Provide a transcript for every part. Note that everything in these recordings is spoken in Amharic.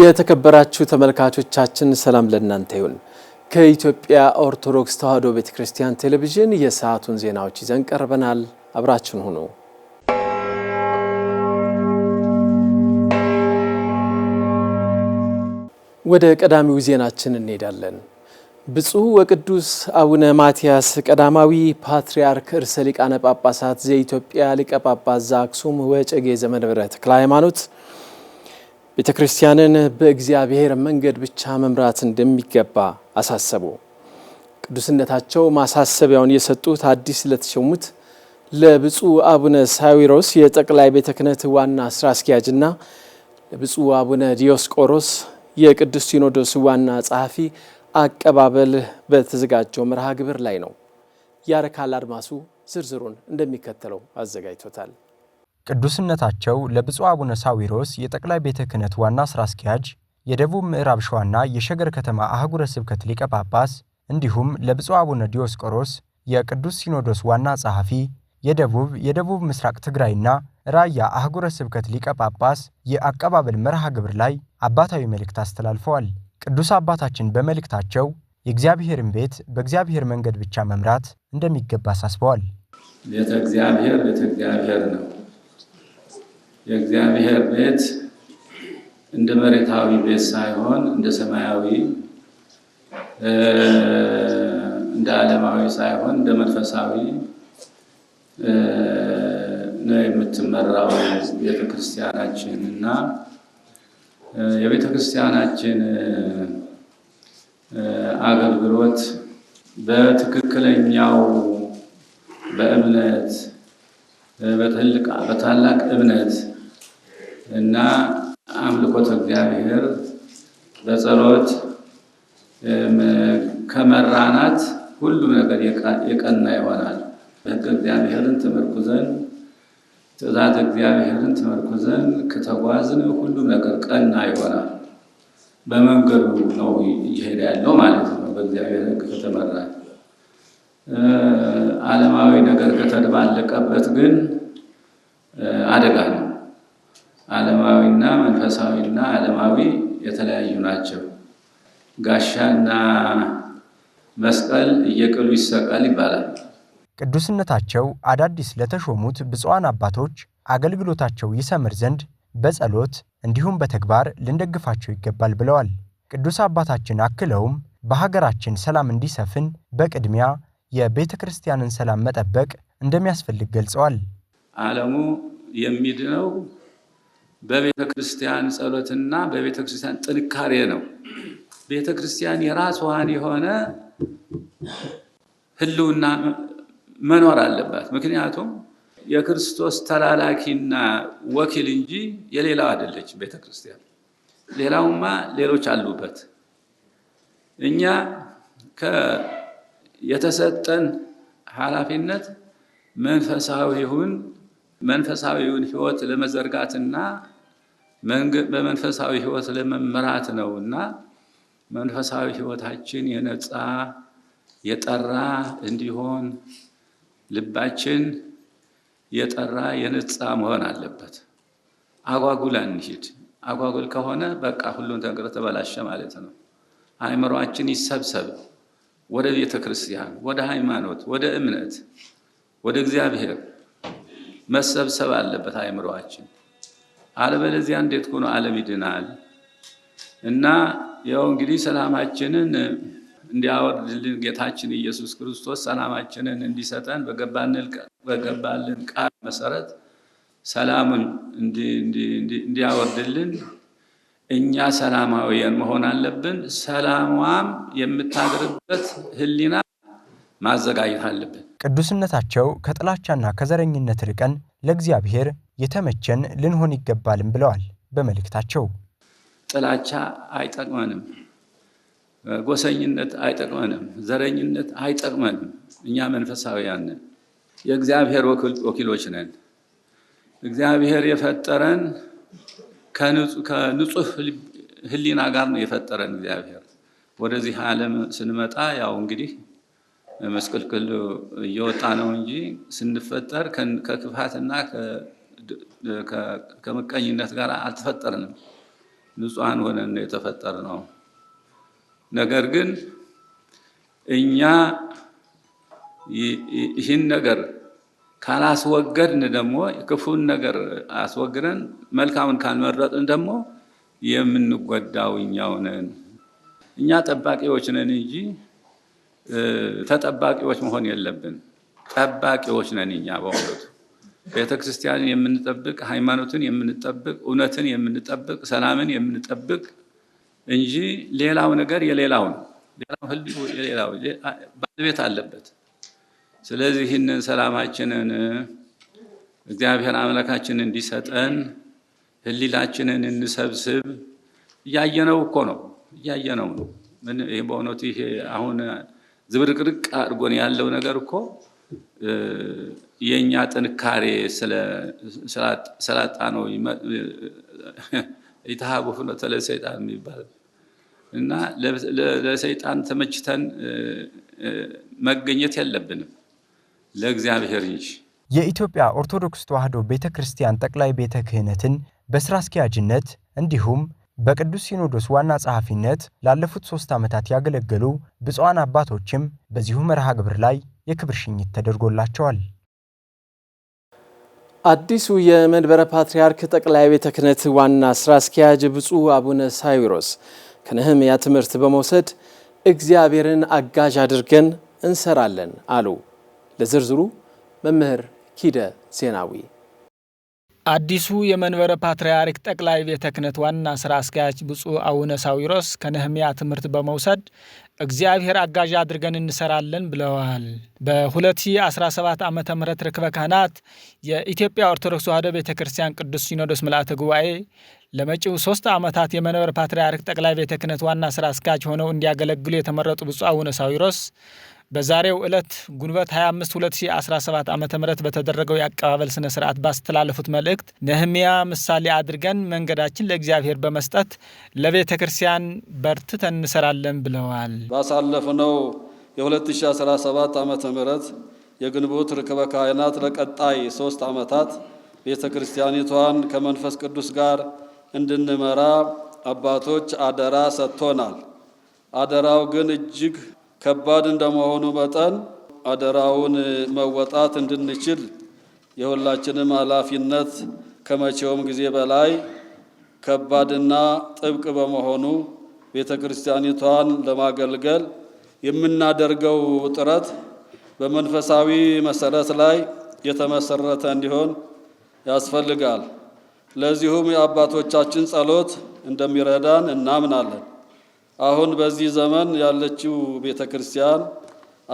የተከበራችሁ ተመልካቾቻችን ሰላም ለእናንተ ይሁን። ከኢትዮጵያ ኦርቶዶክስ ተዋሕዶ ቤተ ክርስቲያን ቴሌቪዥን የሰዓቱን ዜናዎች ይዘን ቀርበናል። አብራችን ሁኑ። ወደ ቀዳሚው ዜናችን እንሄዳለን። ብፁዕ ወቅዱስ አቡነ ማትያስ ቀዳማዊ ፓትርያርክ ርእሰ ሊቃነ ጳጳሳት ዘኢትዮጵያ ሊቀ ጳጳስ ዘአክሱም ወጨጌ ዘመንበረ ተክለ ሃይማኖት ቤተ ክርስቲያንን በእግዚአብሔር መንገድ ብቻ መምራት እንደሚገባ አሳሰቡ። ቅዱስነታቸው ማሳሰቢያውን የሰጡት አዲስ ለተሾሙት ለብፁዕ አቡነ ሳዊሮስ የጠቅላይ ቤተ ክህነት ዋና ስራ አስኪያጅና ለብፁዕ አቡነ ዲዮስቆሮስ የቅዱስ ሲኖዶስ ዋና ጸሐፊ አቀባበል በተዘጋጀው መርሃ ግብር ላይ ነው። ያረካል አድማሱ ዝርዝሩን እንደሚከተለው አዘጋጅቶታል። ቅዱስነታቸው ለብፁዕ አቡነ ሳዊሮስ የጠቅላይ ቤተ ክህነት ዋና ሥራ አስኪያጅ፣ የደቡብ ምዕራብ ሸዋና የሸገር ከተማ አህጉረ ስብከት ሊቀ ጳጳስ እንዲሁም ለብፁዕ አቡነ ዲዮስቆሮስ የቅዱስ ሲኖዶስ ዋና ጸሐፊ፣ የደቡብ የደቡብ ምስራቅ ትግራይና ራያ አህጉረ ስብከት ሊቀ ጳጳስ የአቀባበል መርሃ ግብር ላይ አባታዊ መልእክት አስተላልፈዋል። ቅዱስ አባታችን በመልእክታቸው የእግዚአብሔርን ቤት በእግዚአብሔር መንገድ ብቻ መምራት እንደሚገባ አሳስበዋል። ቤተ እግዚአብሔር ቤተ እግዚአብሔር ነው። የእግዚአብሔር ቤት እንደ መሬታዊ ቤት ሳይሆን እንደ ሰማያዊ እንደ ዓለማዊ ሳይሆን እንደ መንፈሳዊ ነው የምትመራው ቤተክርስቲያናችን እና የቤተክርስቲያናችን አገልግሎት በትክክለኛው በእምነት በታላቅ እምነት እና አምልኮት እግዚአብሔር በጸሎት ከመራናት ሁሉም ነገር የቀና ይሆናል። በሕግ እግዚአብሔርን ተመርኩዘን ትእዛዝ እግዚአብሔርን ተመርኩዘን ከተጓዝን ሁሉም ነገር ቀና ይሆናል። በመንገዱ ነው እየሄደ ያለው ማለት ነው። በእግዚአብሔር ሕግ ከተመራ ዓለማዊ ነገር ከተደባለቀበት ግን አደጋ ነው። ዓለማዊና መንፈሳዊና ዓለማዊ የተለያዩ ናቸው። ጋሻና መስቀል እየቅሉ ይሰቀል ይባላል። ቅዱስነታቸው አዳዲስ ለተሾሙት ብፁዓን አባቶች አገልግሎታቸው ይሰምር ዘንድ በጸሎት እንዲሁም በተግባር ልንደግፋቸው ይገባል ብለዋል። ቅዱስ አባታችን አክለውም በሀገራችን ሰላም እንዲሰፍን በቅድሚያ የቤተ ክርስቲያንን ሰላም መጠበቅ እንደሚያስፈልግ ገልጸዋል። ዓለሙ የሚድነው በቤተ ክርስቲያን ጸሎትና በቤተ ክርስቲያን ጥንካሬ ነው። ቤተ ክርስቲያን የራስዋን የሆነ ህልውና መኖር አለባት። ምክንያቱም የክርስቶስ ተላላኪና ወኪል እንጂ የሌላው አደለች ቤተ ክርስቲያን ሌላውማ ሌሎች አሉበት። እኛ የተሰጠን ኃላፊነት መንፈሳዊውን መንፈሳዊውን ህይወት ለመዘርጋትና በመንፈሳዊ ህይወት ለመምራት ነው እና መንፈሳዊ ህይወታችን የነፃ የጠራ እንዲሆን ልባችን የጠራ የነፃ መሆን አለበት። አጓጉል አንሂድ። አጓጉል ከሆነ በቃ ሁሉን ነገር ተበላሸ ማለት ነው። አእምሯችን ይሰብሰብ ወደ ቤተ ክርስቲያን፣ ወደ ሃይማኖት፣ ወደ እምነት፣ ወደ እግዚአብሔር መሰብሰብ አለበት አይምሮችን አለበለዚያ እንዴት ሆኖ ዓለም ይድናል? እና ያው እንግዲህ ሰላማችንን እንዲያወርድልን ጌታችን ኢየሱስ ክርስቶስ ሰላማችንን እንዲሰጠን በገባልን ቃል መሰረት ሰላሙን እንዲያወርድልን እኛ ሰላማዊያን መሆን አለብን። ሰላሟም የምታድርበት ህሊና ማዘጋጀት አለብን። ቅዱስነታቸው ከጥላቻና ከዘረኝነት ርቀን ለእግዚአብሔር የተመቸን ልንሆን ይገባልም ብለዋል በመልእክታቸው። ጥላቻ አይጠቅመንም፣ ጎሰኝነት አይጠቅመንም፣ ዘረኝነት አይጠቅመንም። እኛ መንፈሳዊያን ነን፣ የእግዚአብሔር ወኪሎች ነን። እግዚአብሔር የፈጠረን ከንጹህ ህሊና ጋር ነው የፈጠረን። እግዚአብሔር ወደዚህ ዓለም ስንመጣ ያው እንግዲህ መስቀልቅል እየወጣ ነው እንጂ ስንፈጠር ከክፋትና ከምቀኝነት ጋር አልተፈጠርንም። ንጹሐን ሆነን ነው የተፈጠር ነው። ነገር ግን እኛ ይህን ነገር ካላስወገድን ደግሞ ክፉን ነገር አስወግደን መልካምን ካልመረጥን ደግሞ የምንጎዳው እኛው ነን። እኛ ጠባቂዎች ነን እንጂ ተጠባቂዎች መሆን የለብን። ጠባቂዎች ነን እኛ በእውነቱ ቤተክርስቲያንን የምንጠብቅ ሃይማኖትን የምንጠብቅ እውነትን የምንጠብቅ ሰላምን የምንጠብቅ እንጂ ሌላው ነገር የሌላው ነው። ሌላው ህልው የሌላው ባለቤት አለበት። ስለዚህ ይህንን ሰላማችንን እግዚአብሔር አምላካችንን እንዲሰጠን ህሊላችንን እንሰብስብ። እያየነው እኮ ነው፣ እያየነው ነው። ይህ በእውነቱ ይሄ አሁን ዝብርቅርቅ አድርጎን ያለው ነገር እኮ የእኛ ጥንካሬ ስላጣ ነው። የተሃቦ ፍኖተ ለሰይጣን የሚባል እና ለሰይጣን ተመችተን መገኘት የለብንም ለእግዚአብሔር እንጂ። የኢትዮጵያ ኦርቶዶክስ ተዋሕዶ ቤተ ክርስቲያን ጠቅላይ ቤተ ክህነትን በስራ አስኪያጅነት እንዲሁም በቅዱስ ሲኖዶስ ዋና ጸሐፊነት ላለፉት ሦስት ዓመታት ያገለገሉ ብፁዓን አባቶችም በዚሁ መርሃ ግብር ላይ የክብር ሽኝት ተደርጎላቸዋል። አዲሱ የመንበረ ፓትርያርክ ጠቅላይ ቤተ ክህነት ዋና ስራ አስኪያጅ ብፁዕ አቡነ ሳዊሮስ ከነህምያ ትምህርት በመውሰድ እግዚአብሔርን አጋዥ አድርገን እንሰራለን አሉ። ለዝርዝሩ መምህር ኪደ ዜናዊ አዲሱ የመንበረ ፓትርያርክ ጠቅላይ ቤተ ክህነት ዋና ሥራ አስኪያጅ ብፁዕ አቡነ ሳዊሮስ ከነህምያ ትምህርት በመውሰድ እግዚአብሔር አጋዥ አድርገን እንሰራለን ብለዋል። በ2017 ዓ ም ርክበ ካህናት የኢትዮጵያ ኦርቶዶክስ ተዋሕዶ ቤተ ክርስቲያን ቅዱስ ሲኖዶስ ምልአተ ጉባኤ ለመጪው ሶስት ዓመታት የመንበረ ፓትርያርክ ጠቅላይ ቤተ ክህነት ዋና ሥራ አስኪያጅ ሆነው እንዲያገለግሉ የተመረጡ ብፁዕ አቡነ ሳዊሮስ በዛሬው ዕለት ግንቦት 25 2017 ዓ ም በተደረገው የአቀባበል ስነ ስርዓት ባስተላለፉት መልእክት ነህምያ ምሳሌ አድርገን መንገዳችን ለእግዚአብሔር በመስጠት ለቤተ ክርስቲያን በርትተን እንሰራለን ብለዋል። ባሳለፍነው የ2017 ዓ ም የግንቦት ርክበ ካህናት ለቀጣይ ሶስት ዓመታት ቤተ ክርስቲያኒቷን ከመንፈስ ቅዱስ ጋር እንድንመራ አባቶች አደራ ሰጥቶናል። አደራው ግን እጅግ ከባድ እንደመሆኑ መጠን አደራውን መወጣት እንድንችል የሁላችንም ኃላፊነት ከመቼውም ጊዜ በላይ ከባድና ጥብቅ በመሆኑ ቤተ ክርስቲያኒቷን ለማገልገል የምናደርገው ጥረት በመንፈሳዊ መሰረት ላይ የተመሰረተ እንዲሆን ያስፈልጋል። ለዚሁም የአባቶቻችን ጸሎት እንደሚረዳን እናምናለን። አሁን በዚህ ዘመን ያለችው ቤተ ክርስቲያን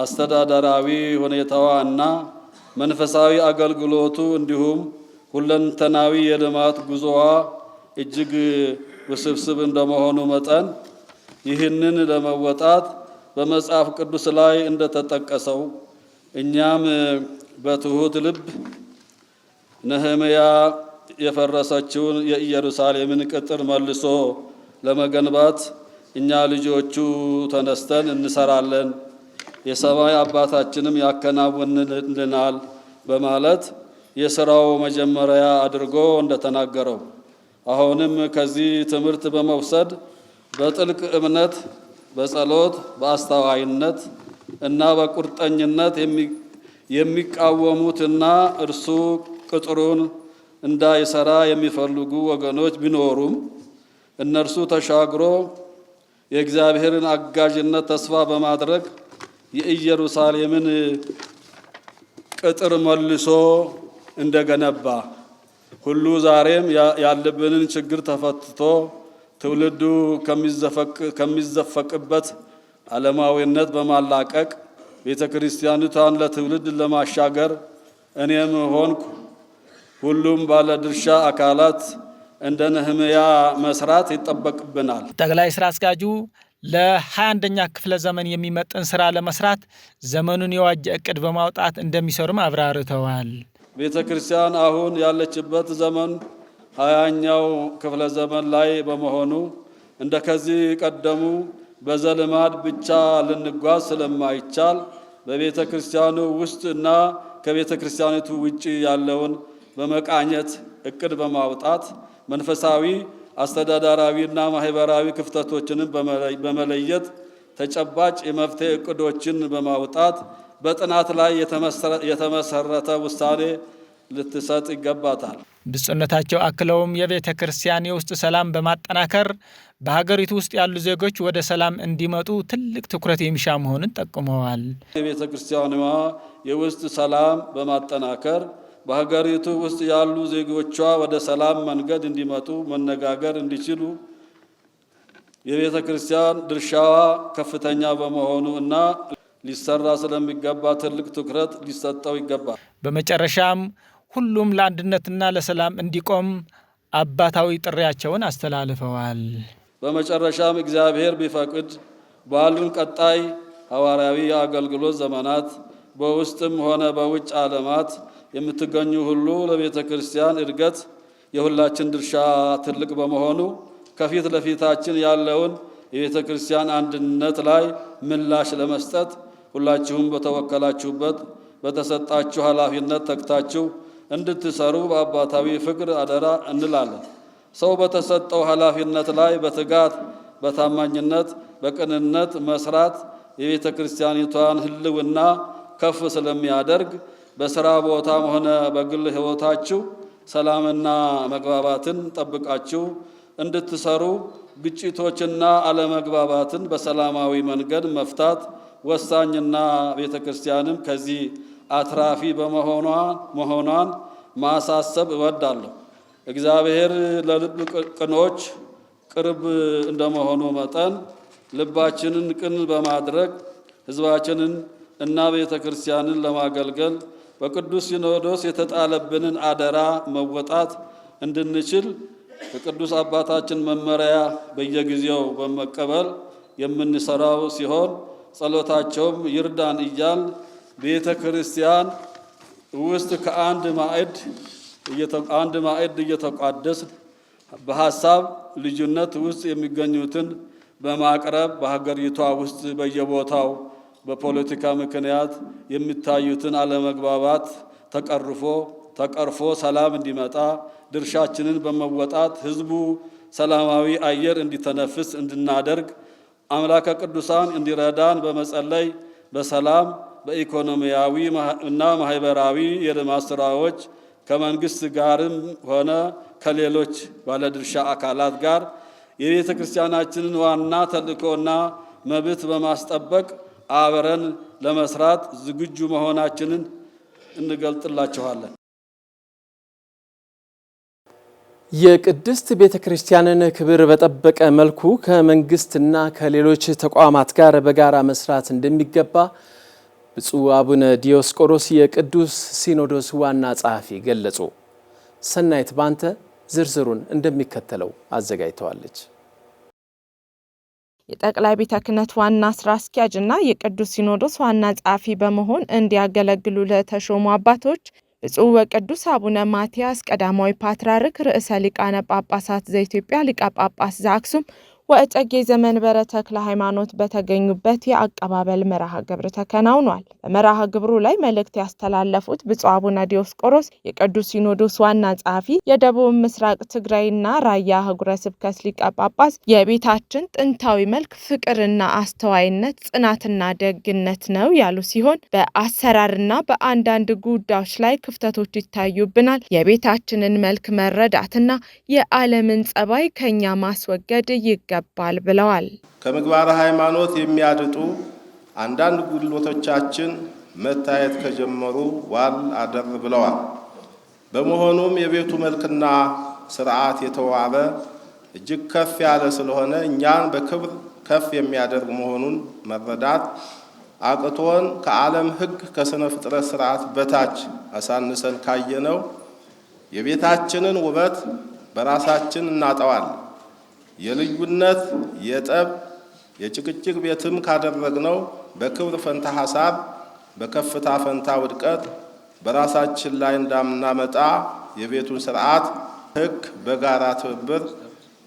አስተዳደራዊ ሁኔታዋ እና መንፈሳዊ አገልግሎቱ እንዲሁም ሁለንተናዊ የልማት ጉዞዋ እጅግ ውስብስብ እንደመሆኑ መጠን ይህንን ለመወጣት በመጽሐፍ ቅዱስ ላይ እንደተጠቀሰው እኛም በትሑት ልብ ነህምያ የፈረሰችውን የኢየሩሳሌምን ቅጥር መልሶ ለመገንባት እኛ ልጆቹ ተነስተን እንሰራለን፣ የሰማይ አባታችንም ያከናውንልናል በማለት የሥራው መጀመሪያ አድርጎ እንደተናገረው አሁንም ከዚህ ትምህርት በመውሰድ በጥልቅ እምነት፣ በጸሎት፣ በአስተዋይነት እና በቁርጠኝነት የሚቃወሙትና እርሱ ቅጥሩን እንዳይሰራ የሚፈልጉ ወገኖች ቢኖሩም እነርሱ ተሻግሮ የእግዚአብሔርን አጋዥነት ተስፋ በማድረግ የኢየሩሳሌምን ቅጥር መልሶ እንደገነባ ሁሉ ዛሬም ያለብንን ችግር ተፈትቶ ትውልዱ ከሚዘፈቅበት ዓለማዊነት በማላቀቅ ቤተ ክርስቲያኒቷን ለትውልድ ለማሻገር እኔም ሆንኩ ሁሉም ባለድርሻ አካላት እንደ ነህምያ መስራት ይጠበቅብናል። ጠቅላይ ስራ አስኪያጁ ለ21ኛ ክፍለ ዘመን የሚመጥን ስራ ለመስራት ዘመኑን የዋጀ እቅድ በማውጣት እንደሚሰሩም አብራርተዋል። ቤተ ክርስቲያን አሁን ያለችበት ዘመን ሀያኛው ክፍለ ዘመን ላይ በመሆኑ እንደ ከዚህ ቀደሙ በዘልማድ ብቻ ልንጓዝ ስለማይቻል በቤተ ክርስቲያኑ ውስጥ እና ከቤተ ክርስቲያኒቱ ውጭ ያለውን በመቃኘት እቅድ በማውጣት መንፈሳዊ፣ አስተዳደራዊ እና ማህበራዊ ክፍተቶችንም በመለየት ተጨባጭ የመፍትሄ እቅዶችን በማውጣት በጥናት ላይ የተመሰረተ ውሳኔ ልትሰጥ ይገባታል። ብፁዕነታቸው አክለውም የቤተ ክርስቲያን የውስጥ ሰላም በማጠናከር በሀገሪቱ ውስጥ ያሉ ዜጎች ወደ ሰላም እንዲመጡ ትልቅ ትኩረት የሚሻ መሆኑን ጠቁመዋል። የቤተ ክርስቲያኗ የውስጥ ሰላም በማጠናከር በሀገሪቱ ውስጥ ያሉ ዜጎቿ ወደ ሰላም መንገድ እንዲመጡ መነጋገር እንዲችሉ የቤተ ክርስቲያን ድርሻዋ ከፍተኛ በመሆኑ እና ሊሰራ ስለሚገባ ትልቅ ትኩረት ሊሰጠው ይገባል። በመጨረሻም ሁሉም ለአንድነትና ለሰላም እንዲቆም አባታዊ ጥሪያቸውን አስተላልፈዋል። በመጨረሻም እግዚአብሔር ቢፈቅድ ባሉን ቀጣይ ሐዋርያዊ የአገልግሎት ዘመናት በውስጥም ሆነ በውጭ ዓለማት የምትገኙ ሁሉ ለቤተ ክርስቲያን እድገት የሁላችን ድርሻ ትልቅ በመሆኑ ከፊት ለፊታችን ያለውን የቤተ ክርስቲያን አንድነት ላይ ምላሽ ለመስጠት ሁላችሁም በተወከላችሁበት በተሰጣችሁ ኃላፊነት ተግታችሁ እንድትሰሩ በአባታዊ ፍቅር አደራ እንላለን። ሰው በተሰጠው ኃላፊነት ላይ በትጋት በታማኝነት በቅንነት መስራት የቤተ ክርስቲያኒቷን ሕልውና ከፍ ስለሚያደርግ በሥራ ቦታም ሆነ በግል ሕይወታችሁ ሰላምና መግባባትን ጠብቃችሁ እንድትሰሩ ግጭቶችና አለመግባባትን በሰላማዊ መንገድ መፍታት ወሳኝና ቤተ ክርስቲያንም ከዚህ አትራፊ በመሆኗን ማሳሰብ እወዳለሁ። እግዚአብሔር ለልብ ቅኖች ቅርብ እንደመሆኑ መጠን ልባችንን ቅን በማድረግ ህዝባችንን እና ቤተ ክርስቲያንን ለማገልገል በቅዱስ ሲኖዶስ የተጣለብንን አደራ መወጣት እንድንችል ከቅዱስ አባታችን መመሪያ በየጊዜው በመቀበል የምንሰራው ሲሆን ጸሎታቸውም ይርዳን እያል ቤተ ክርስቲያን ውስጥ ከአንድ ማዕድ አንድ ማዕድ እየተቋደስ በሀሳብ ልዩነት ውስጥ የሚገኙትን በማቅረብ በሀገሪቷ ውስጥ በየቦታው በፖለቲካ ምክንያት የሚታዩትን አለመግባባት ተቀርፎ ተቀርፎ ሰላም እንዲመጣ ድርሻችንን በመወጣት ህዝቡ ሰላማዊ አየር እንዲተነፍስ እንድናደርግ አምላከ ቅዱሳን እንዲረዳን በመጸለይ በሰላም በኢኮኖሚያዊ እና ማህበራዊ የልማት ስራዎች ከመንግስት ጋርም ሆነ ከሌሎች ባለድርሻ አካላት ጋር የቤተ ክርስቲያናችንን ዋና ተልእኮና መብት በማስጠበቅ አብረን ለመስራት ዝግጁ መሆናችንን እንገልጥላችኋለን። የቅድስት ቤተ ክርስቲያንን ክብር በጠበቀ መልኩ ከመንግስትና ከሌሎች ተቋማት ጋር በጋራ መስራት እንደሚገባ ብፁዕ አቡነ ዲዮስቆሮስ የቅዱስ ሲኖዶስ ዋና ጸሐፊ ገለጹ። ሰናይት ባንተ ዝርዝሩን እንደሚከተለው አዘጋጅተዋለች። የጠቅላይ ቤተ ክህነት ዋና ስራ አስኪያጅ እና የቅዱስ ሲኖዶስ ዋና ጸሐፊ በመሆን እንዲያገለግሉ ለተሾሙ አባቶች ብፁዕ ወቅዱስ አቡነ ማትያስ ቀዳማዊ ፓትርያርክ ርዕሰ ሊቃነ ጳጳሳት ዘኢትዮጵያ ሊቀ ጳጳስ ዘአክሱም ወእጨጌ ዘመንበረ ተክለ ሃይማኖት በተገኙበት የአቀባበል መርሃ ግብር ተከናውኗል። በመርሃ ግብሩ ላይ መልእክት ያስተላለፉት ብፁዕ አቡነ ዲዮስቆሮስ የቅዱስ ሲኖዶስ ዋና ጸሐፊ፣ የደቡብ ምስራቅ ትግራይና ራያ ህጉረ ስብከት ሊቀ ጳጳስ የቤታችን ጥንታዊ መልክ ፍቅርና አስተዋይነት፣ ጽናትና ደግነት ነው ያሉ ሲሆን በአሰራርና በአንዳንድ ጉዳዮች ላይ ክፍተቶች ይታዩብናል። የቤታችንን መልክ መረዳትና የዓለምን ጸባይ ከኛ ማስወገድ ይገባል ይገባል ብለዋል። ከምግባረ ሃይማኖት የሚያድጡ አንዳንድ ጉድለቶቻችን መታየት ከጀመሩ ዋል አደር ብለዋል። በመሆኑም የቤቱ መልክና ስርዓት የተዋበ እጅግ ከፍ ያለ ስለሆነ እኛን በክብር ከፍ የሚያደርግ መሆኑን መረዳት አቅቶን ከዓለም ሕግ ከሥነ ፍጥረት ስርዓት በታች አሳንሰን ካየነው የቤታችንን ውበት በራሳችን እናጠዋለን። የልዩነት የጠብ የጭቅጭቅ ቤትም ካደረግነው በክብር ፈንታ ሐሳብ በከፍታ ፈንታ ውድቀት በራሳችን ላይ እንዳምናመጣ የቤቱን ስርዓት ህግ በጋራ ትብብር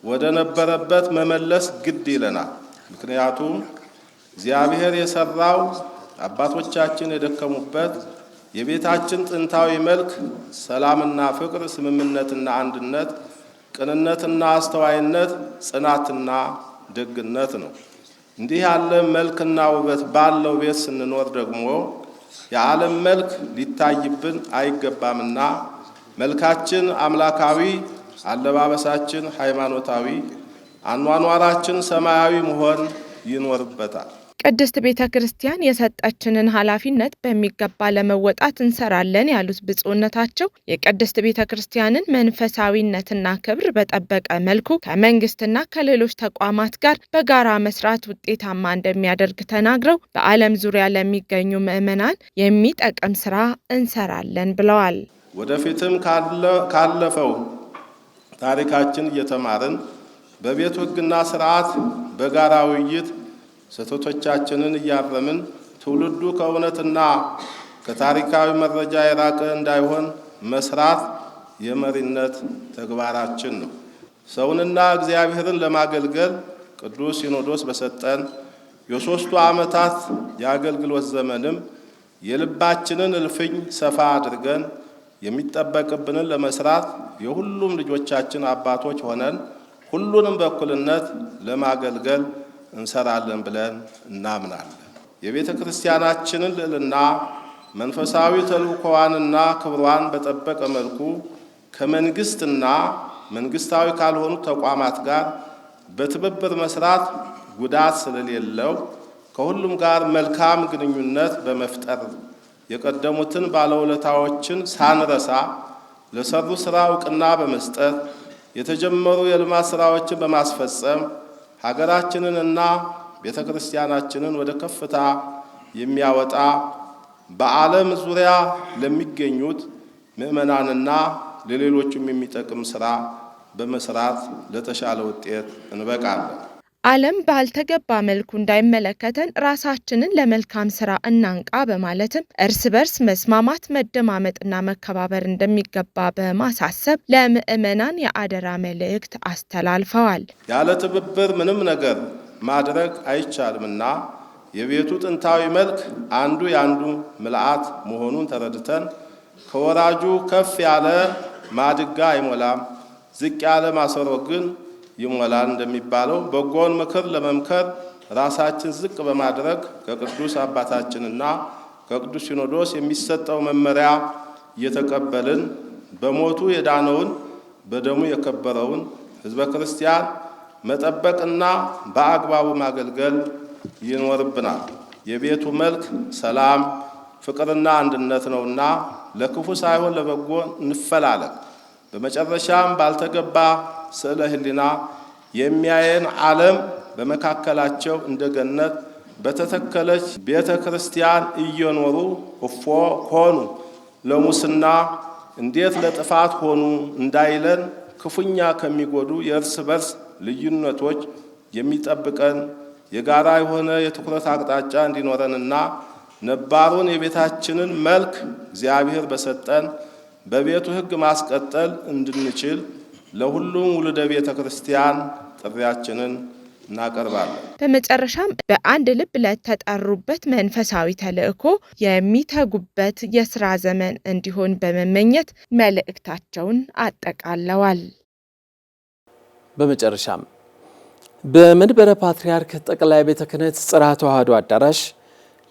ወደ ነበረበት መመለስ ግድ ይለናል። ምክንያቱም እግዚአብሔር የሰራው አባቶቻችን የደከሙበት የቤታችን ጥንታዊ መልክ ሰላምና ፍቅር፣ ስምምነትና አንድነት ቅንነትና አስተዋይነት፣ ጽናትና ደግነት ነው። እንዲህ ያለ መልክና ውበት ባለው ቤት ስንኖር ደግሞ የዓለም መልክ ሊታይብን አይገባምና መልካችን አምላካዊ፣ አለባበሳችን ሃይማኖታዊ፣ አኗኗራችን ሰማያዊ መሆን ይኖርበታል። ቅድስት ቤተ ክርስቲያን የሰጠችንን ኃላፊነት በሚገባ ለመወጣት እንሰራለን ያሉት ብፁዕነታቸው የቅድስት ቤተ ክርስቲያንን መንፈሳዊነትና ክብር በጠበቀ መልኩ ከመንግስትና ከሌሎች ተቋማት ጋር በጋራ መስራት ውጤታማ እንደሚያደርግ ተናግረው በዓለም ዙሪያ ለሚገኙ ምዕመናን የሚጠቅም ስራ እንሰራለን ብለዋል። ወደፊትም ካለፈው ታሪካችን እየተማርን በቤት ሕግና ስርዓት በጋራ ውይይት ስህተቶቻችንን እያረምን ትውልዱ ከእውነትና ከታሪካዊ መረጃ የራቀ እንዳይሆን መስራት የመሪነት ተግባራችን ነው። ሰውንና እግዚአብሔርን ለማገልገል ቅዱስ ሲኖዶስ በሰጠን የሦስቱ ዓመታት የአገልግሎት ዘመንም የልባችንን እልፍኝ ሰፋ አድርገን የሚጠበቅብንን ለመስራት የሁሉም ልጆቻችን አባቶች ሆነን ሁሉንም በኩልነት ለማገልገል እንሰራለን ብለን እናምናለን። የቤተ ክርስቲያናችንን ልዕልና መንፈሳዊ ተልእኮዋንና ክብሯን በጠበቀ መልኩ ከመንግስትና መንግስታዊ ካልሆኑ ተቋማት ጋር በትብብር መስራት ጉዳት ስለሌለው ከሁሉም ጋር መልካም ግንኙነት በመፍጠር የቀደሙትን ባለውለታዎችን ሳንረሳ ለሰሩ ስራ እውቅና በመስጠት የተጀመሩ የልማት ስራዎችን በማስፈጸም ሀገራችንንና ቤተ ክርስቲያናችንን ወደ ከፍታ የሚያወጣ በዓለም ዙሪያ ለሚገኙት ምእመናንና ለሌሎችም የሚጠቅም ስራ በመስራት ለተሻለ ውጤት እንበቃለን። ዓለም ባልተገባ መልኩ እንዳይመለከተን ራሳችንን ለመልካም ስራ እናንቃ በማለትም እርስ በርስ መስማማት፣ መደማመጥና መከባበር እንደሚገባ በማሳሰብ ለምዕመናን የአደራ መልእክት አስተላልፈዋል። ያለ ትብብር ምንም ነገር ማድረግ አይቻልምና የቤቱ ጥንታዊ መልክ አንዱ የአንዱ ምልአት መሆኑን ተረድተን ከወራጁ ከፍ ያለ ማድጋ አይሞላም፣ ዝቅ ያለ ማሰሮ ግን ይሞላል እንደሚባለው በጎን ምክር ለመምከር ራሳችን ዝቅ በማድረግ ከቅዱስ አባታችንና ከቅዱስ ሲኖዶስ የሚሰጠው መመሪያ እየተቀበልን በሞቱ የዳነውን በደሙ የከበረውን ሕዝበ ክርስቲያን መጠበቅና በአግባቡ ማገልገል ይኖርብናል። የቤቱ መልክ ሰላም፣ ፍቅርና አንድነት ነውና ለክፉ ሳይሆን ለበጎ እንፈላለን። በመጨረሻም ባልተገባ ስዕለ ህሊና የሚያየን ዓለም በመካከላቸው እንደ ገነት በተተከለች ቤተ ክርስቲያን እየኖሩ እፎ ሆኑ ለሙስና እንዴት ለጥፋት ሆኑ እንዳይለን ክፉኛ ከሚጎዱ የእርስ በርስ ልዩነቶች የሚጠብቀን የጋራ የሆነ የትኩረት አቅጣጫ እንዲኖረንና ነባሩን የቤታችንን መልክ እግዚአብሔር በሰጠን በቤቱ ሕግ ማስቀጠል እንድንችል ለሁሉም ውልደ ቤተ ክርስቲያን ጥሪያችንን እናቀርባለን። በመጨረሻም በአንድ ልብ ለተጠሩበት መንፈሳዊ ተልዕኮ የሚተጉበት የስራ ዘመን እንዲሆን በመመኘት መልእክታቸውን አጠቃለዋል። በመጨረሻም በመንበረ ፓትርያርክ ጠቅላይ ቤተ ክህነት ጽርሐ ተዋሕዶ አዳራሽ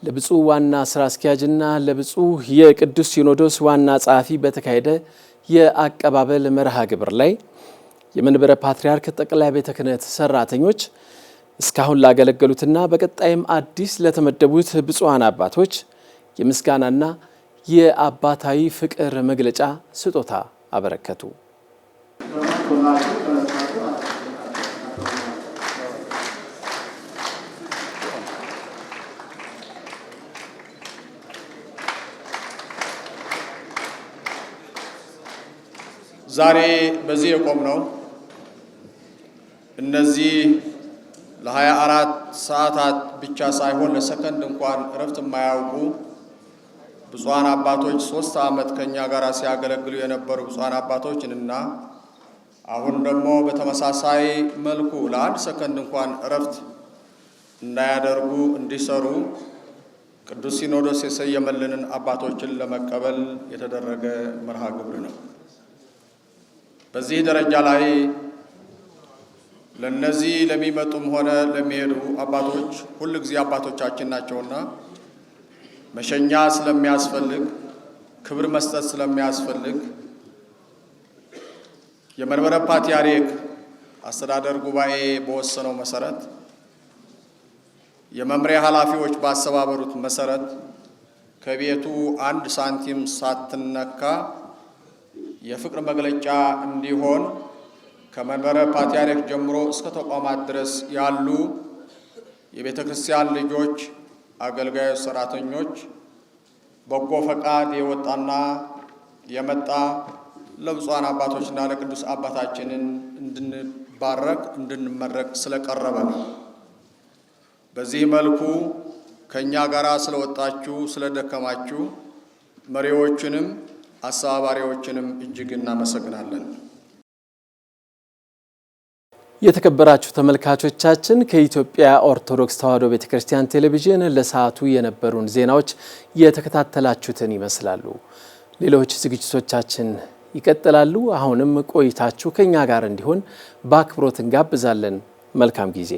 ለብፁዕ ዋና ስራ አስኪያጅና ለብፁዕ የቅዱስ ሲኖዶስ ዋና ጸሐፊ በተካሄደ የአቀባበል መርሃ ግብር ላይ የመንበረ ፓትርያርክ ጠቅላይ ቤተ ክህነት ሰራተኞች እስካሁን ላገለገሉትና በቀጣይም አዲስ ለተመደቡት ብፁዓን አባቶች የምስጋናና የአባታዊ ፍቅር መግለጫ ስጦታ አበረከቱ። ዛሬ በዚህ የቆም ነው እነዚህ ለ24 ሰዓታት ብቻ ሳይሆን ለሰከንድ እንኳን እረፍት የማያውቁ ብፁዓን አባቶች ሶስት ዓመት ከኛ ጋር ሲያገለግሉ የነበሩ ብፁዓን አባቶችንና አሁን ደግሞ በተመሳሳይ መልኩ ለአንድ ሰከንድ እንኳን እረፍት እንዳያደርጉ እንዲሰሩ ቅዱስ ሲኖዶስ የሰየመልንን አባቶችን ለመቀበል የተደረገ መርሃ ግብር ነው። በዚህ ደረጃ ላይ ለነዚህ ለሚመጡም ሆነ ለሚሄዱ አባቶች ሁል ጊዜ አባቶቻችን ናቸውና መሸኛ ስለሚያስፈልግ ክብር መስጠት ስለሚያስፈልግ የመንበረ ፓትርያርክ አስተዳደር ጉባኤ በወሰነው መሰረት የመምሪያ ኃላፊዎች ባሰባበሩት መሰረት ከቤቱ አንድ ሳንቲም ሳትነካ የፍቅር መግለጫ እንዲሆን ከመንበረ ፓትርያርክ ጀምሮ እስከ ተቋማት ድረስ ያሉ የቤተ ክርስቲያን ልጆች፣ አገልጋዮች፣ ሰራተኞች በጎ ፈቃድ የወጣና የመጣ ለብፁዓን አባቶችና ለቅዱስ አባታችንን እንድንባረክ እንድንመረቅ ስለቀረበ ነው። በዚህ መልኩ ከእኛ ጋር ስለወጣችሁ ስለደከማችሁ መሪዎችንም አስተባባሪዎችንም እጅግ እናመሰግናለን። የተከበራችሁ ተመልካቾቻችን ከኢትዮጵያ ኦርቶዶክስ ተዋሕዶ ቤተ ክርስቲያን ቴሌቪዥን ለሰዓቱ የነበሩን ዜናዎች የተከታተላችሁትን ይመስላሉ። ሌሎች ዝግጅቶቻችን ይቀጥላሉ። አሁንም ቆይታችሁ ከእኛ ጋር እንዲሆን በአክብሮት እንጋብዛለን። መልካም ጊዜ